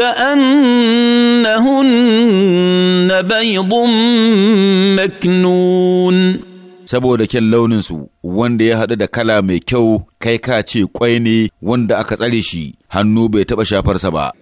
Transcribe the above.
كأنهن بيض مكنون saboda kyan launinsu wanda ya haɗu da kala mai kyau kai ka ce ƙwai ne wanda aka tsare shi hannu bai taɓa shafarsa ba